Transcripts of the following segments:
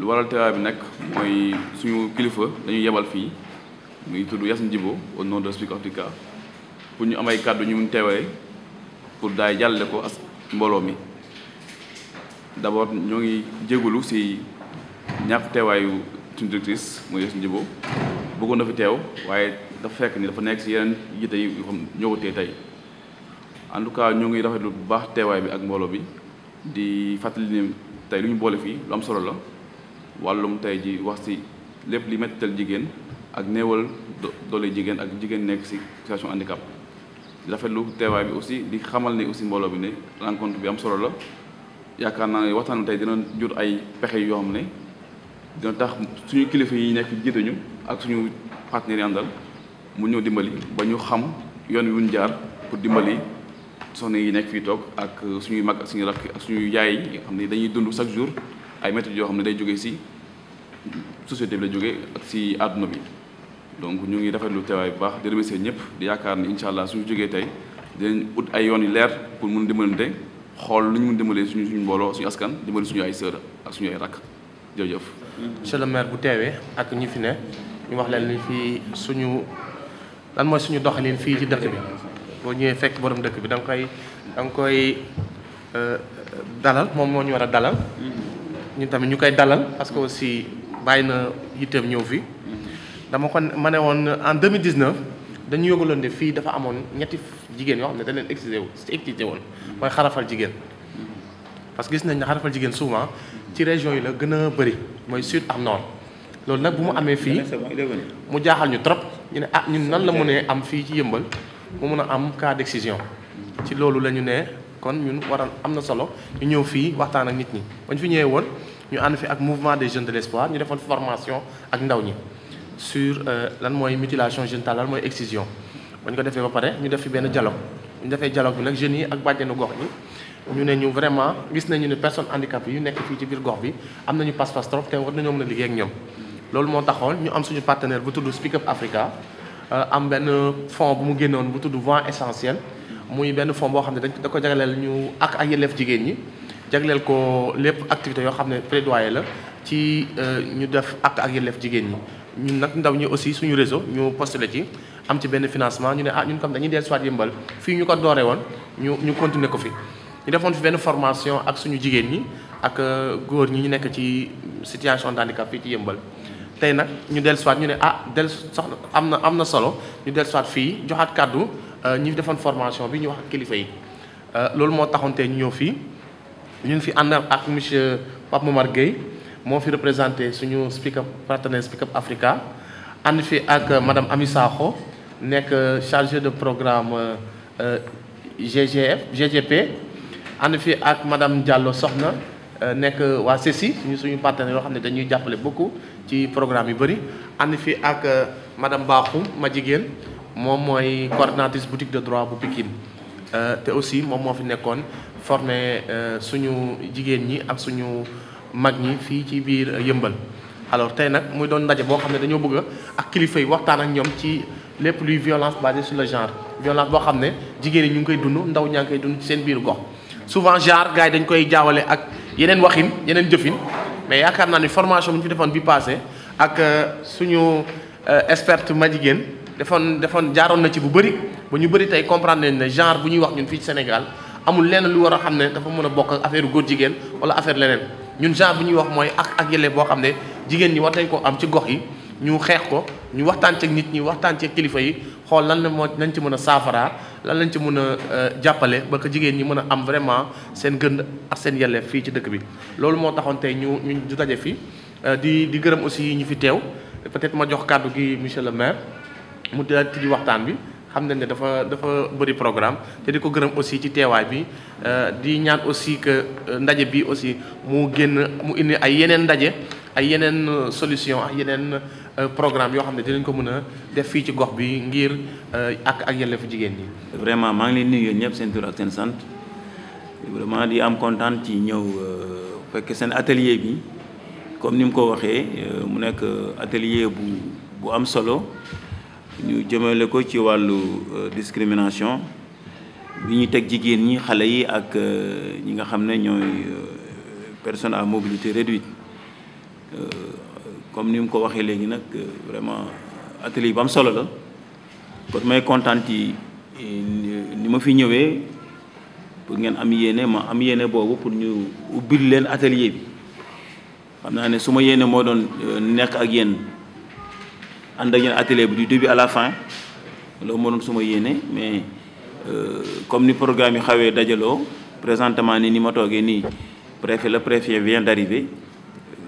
lu waral teewaay bi nag mooy suñu kilifa dañuy yebal fii muy tudd Yacine Djibo au nom de Speak Africa pour ñu amay kàddu ñu mun teewee pour daay jàlle ko ak mbooloo mi d'abord ñoo ngi jégalu si ñàkk teewaayu suñu directrice muy Yacine Djibo bëggoon na fi teew waaye dafa fekk ni dafa nekk si yeneen yitte yi xam ñoo tey en tout cas ñoo ngi rafetlu bu baax teewaay bi ak mbooloo bi di fàttali ni tey lu ñu boole fii lu am solo la wàllum tay ji wax si lépp li mettal jigéen ak néewal doole ak situation handicap di rafetlu teewaay bi aussi di xamal ne aussi mbooloo bi ne rencontre bi am solo la yaakaar naa ne waxtaan tey dina jur ay pexe yoo xam ne dina tax suñu kilifa yi nekk jiituñu ak suñu partenaires yi mu dimbali ba ñu xam yoon wi jaar pour dimbali soxna yi nekk fii toog ak suñuy mag ak suñuy rakk ak suñuy yaay yi xam ne dañuy dund chaque jour ay méthodes yoo xam ne day jóge si société bi la jógee ak si àdduna bi donc ñu ngi rafet lu teewaay bu baax di remercier ñëpp di yaakaar ni incha allah suñu jógee tey dinañ ut ay yoon yi leer pour mun dimbalante xool lu ñu mun dimbalee suñu suñu mbooloo suñu askan dimbali suñu ay sœur ak suñu ay rakk jërëjëf. monsieur le bu teewee ak ñi fi ne ñu wax leen ni fii suñu lan mooy suñu doxalin fii ci dëkk boo ñëwee fekk borom dëkk bi da nga koy da nga koy euh, euh, dalal moom moo ñu war a dalal. Mm-hmm. ñun tamit ñu koy dalal parce que aussi bàyyi na yitteem ñëw fi mm-hmm. dama ko ma ne woon en 2019 dañu yëgaloon ne fii dafa amoon ñetti jigéen yoo xam ne dañ leen excité wu excité woon mm-hmm. mooy xarafal jigéen. parce que gis nañ ne xarafal jigéen souvent ci région yi la gën a bëri mooy sud ak nord loolu nag bu mu amee fii mu jaaxal ñu trop ñu ne ah ñun nan la mënee am fii ci yëmbal. mu mun a am cas décision ci loolu la ñu ne kon ñun waral am na solo ñu ñëw fii waxtaan ak nit ñi bañ fi ñëwee woon ñu ànd fi ak mouvement des jeunes de l'espoir ñu defoon formation ak ndaw ñi sur euh, lan mooy mutilation génitale lan mooy excision bañ ko defee ba pare ñu def fi benn dialogue ñu defee dialogue bi nag jeunes yi ak bàjjenu gox ñi ñu ne ñu vraiment gis nañu ne personne handicapées yu nekk fii ci biir gox bi am nañu pas-pas trop te war nañoo mën a liggéey ak ñoom loolu moo taxoon ñu am suñu partenaire bu tudd Speak Up Africa euh, am ben fond bu mu génnoon bu tudd vent essentiel muy ben fond bo xam dañ da ko jagalel ñu ak ay yelleef jigen ñi jagalel ko lepp activité yo xam ne plaidoyer la ci euh, ñu def ak ak yelleef jigen ñi ñun nak ndaw ñi aussi suñu réseau ñu postulé ci am ci ben financement ñu né ah ñun comme dañuy dellusiwaat yëmbal fi ñu ko dooree won ñu ñu continuer ko fi ñu defon fi ben formation ak suñu jigen ñi ak euh, goor ñi ñu nekk ci situation d'handicap fii ci tey nous ñu dellu ñu ne ah des soxna amna amna solo ñu euh, fi joxat cadeau ñi defon formation bi ñu wax kilifa yi euh lool mo taxonté ñu ñun fi ak monsieur Pape Gueye fi suñu Speak partenaire Speak Up Africa and fi ak euh, madame avons nek euh, chargé de programme GGF GGP nous fi ak madame Diallo Soxna Euh, nekk waa CECI ñu suñu partenaires yoo xam ne dañuy jàppale beaucoup ci programme yu bëri ànd fi ak euh, madame Bakhoum ma jigéen moom mooy coordinatrice boutique de droit bu Pikine euh, te aussi moom moo fi nekkoon formé suñu jigéen ñi ak suñu mag ñi fii ci biir yëmbal alors tey nag muy doon ndaje boo xam ne dañoo bëgg ak kilifa yi waxtaan ak ñoom ci lépp luy violence basée su le genre violence boo xam ne jigéen yi ñu ngi koy dund ndaw ñaa ngi koy dund ci seen biir gox yeneen waxin yeneen jëfin mais yaakaar naa ni formation bu ñu fi defoon bi passé ak euh, suñu euh, experte ma jigéen defoon defoon jaaroon na ci bu bëri ba ñu bëri tey comprendre ne genre bu ñuy wax ñun fii Sénégal amul lenn lu war a xam ne dafa mën a bokk ak affaire góor jigéen wala affaire leneen ñun genre bu ñuy wax mooy ak ak yële boo xam ne jigéen ñi war nañ ko am ci gox yi ñu xeex ko ñu waxtaan ceeg nit ñi waxtaan ceeg kilifa yi xool lan la moo lañ ci mën a saafaraa lan lañ ci mën a euh, jàppale ba que jigéen ñi mën a am vraiment seen gën ak seen yelleef fii ci dëkk bi. loolu moo taxoon tey ñu ñu di daje fi euh, di di gërëm aussi ñu fi teew peut-être ma jox kàddu gi monsieur le maire mu daal tijji waxtaan bi. xam nañ ne dafa dafa bëri programme te di ko gërëm aussi ci teewaay bi euh, di ñaan aussi que ndaje bi aussi mu génn mu indi ay yeneen ndaje ay yeneen solution yeneen Euh, programme yoo xam ne dinañ ko mën a def fii ci gox bi ngir euh, ak ak yelleefu jigéen ñi. vraiment maa ngi leen nuyu yéen ñëpp seen tur ak seen sant vraiment di am kontaan ci ñëw euh, fekk seen atelier bi comme ni mu ko waxee mu nekk atelier bu bu am solo ñu jëmale ko ci wàllu discrimination bi ñu teg jigéen ñi xale yi ak ñi nga xam ne ñooy personne à mobilité réduite comme ni mu ko waxee léegi nag vraiment atelier bu am solo la kon may kontaan ci eh, ni ma fi ñëwee pour ngeen am yéene ma am yéene boobu pour ñu ubbil leen atelier bi xam naa ne su ma yéene moo doon euh, nekk ak yéen ànd ak yéen atelier bi du début à la fin loolu moo doon su ma yéene mais euh, comme ni programme yi xawee dajaloo présentement ni ni ma toogee nii préfet le préfet vient d'arriver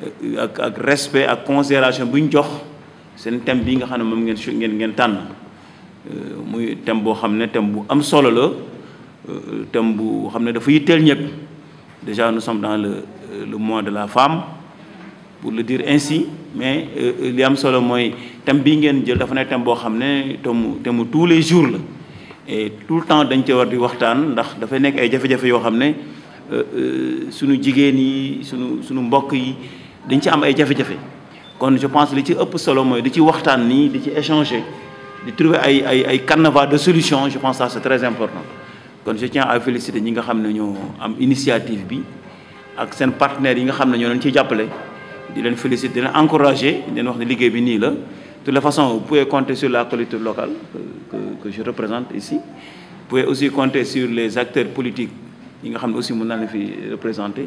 Euh, ak ak respect ak considération buñ jox seen thème bi nga xamne ne ngeen su ngeen ngeen tànn euh, muy thème bo xamne thème bu am solo la euh, thème bu xamne dafa yitteel ñëpp déjà nous sommes dans le le mois de la femme pour le dire ainsi mais li am solo moy thème bi ngeen jël dafa nekk thème bo xamne thème thème tous les jours la et tout le temps dañ ci war di waxtaan ndax dafay nek ay jafé jafé yo xamne ne sunu jigéen yi sunu sunu mbokk yi dañ ci am ay jafé jafé kon je pense li ci ëpp solo moy di ci waxtaan ni di ci échanger di trouver ay ay ay carnaval de solutions, je pense ça c'est très important kon je tiens à féliciter ñi nga xamné ñoo am initiative bi ak sen partenaires yi nga xamné ñoo leen ciy di leen féliciter di leen encourager di leen wax ne liggéey bi ni la de toute la façon vous pouvez compter sur la collectivité locale que, que, que je représente ici vous pouvez aussi compter sur les acteurs politiques yi nga xamné aussi mën naa fi représenter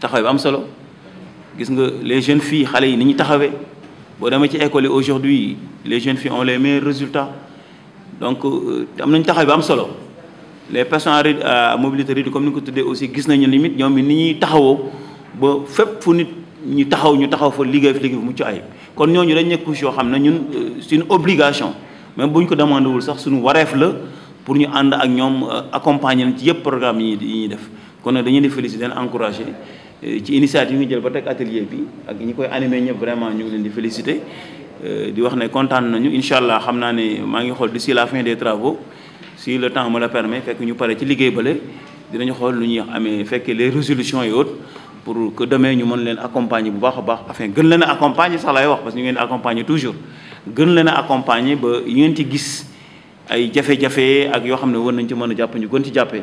taxawee bi am solo gis nga les jeunes filles xalé yi ni ñu taxawé bo dama ci école aujourd'hui les jeunes filles ont les meilleurs résultats donc euh, am nañ taxawee bi am solo les personnes à mobilité réduite comme ni ko tuddee aussi gis nañ limite ñom ni ñuy taxawoo ba fep fu nit ñu taxaw ñu taxaw fa liggéey fi liggéey bu mucc ayib kon ñoñu dañ nekk couche yoo xam ñun euh, c'est une obligation même buñ ko demandé wul sax suñu waréf la pour ñu and ak ñom euh, accompagner ci yëpp programme yi ñuy def kon nag dañuy di féliciter leen encourager ci initiative ñu jël ba tek atelier bi ak ñi koy animé ñëpp vraiment ñu ngi leen di féliciter euh di wax né kontaan nañu inshallah xamna né ma ngi xol d'ici la fin des travaux si le temps me le permet fekk ñu paré ci liggéey bële dinañu xol lu ñuy amé fekkee les résolutions et autres pour que demain ñu mën leen accompagner bu baax baax afin gën leen accompagner sax laay wax parce que ñu ngeen accompagner toujours gën leen accompagner ba yi ci gis ay jafé jafé ak yo xamné ne nañ ci mëna japp ñu gën ci jappé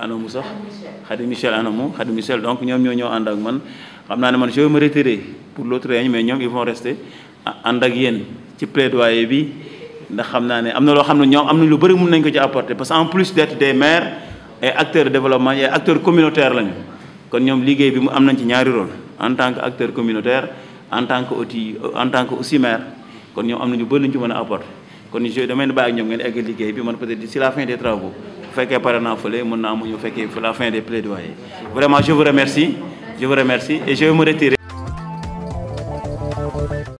anamu sax Khady Michel anamu Khady Michel donc ñoom ñoo ñëw ànd ak man xam naa ne man je me retirer pour l'autre réunion mais ñoom ils vont rester ànd ak yéen ci plaidoyer bi ndax xam naa ne am na loo xam ne ñoom am na lu bëri mën ko ci apporter parce que en plus d'être des maires et acteurs de développement et acteurs communautaires lañu kon ñoom liggéey bi mu am nañ ci ñaari rôle en tant que acteur communautaire en tant que aussi en tant que aussi maire kon ñoom am na ñu bëri lañu ci mën apporter kon je damay bàyyi ak ñoom ngeen egg liggéey bi man peut-être d'ici la fin des travaux fait que par un mon mon amour mu ñu la fin des plaidoyers vraiment je vous remercie je vous remercie et je vais me retirer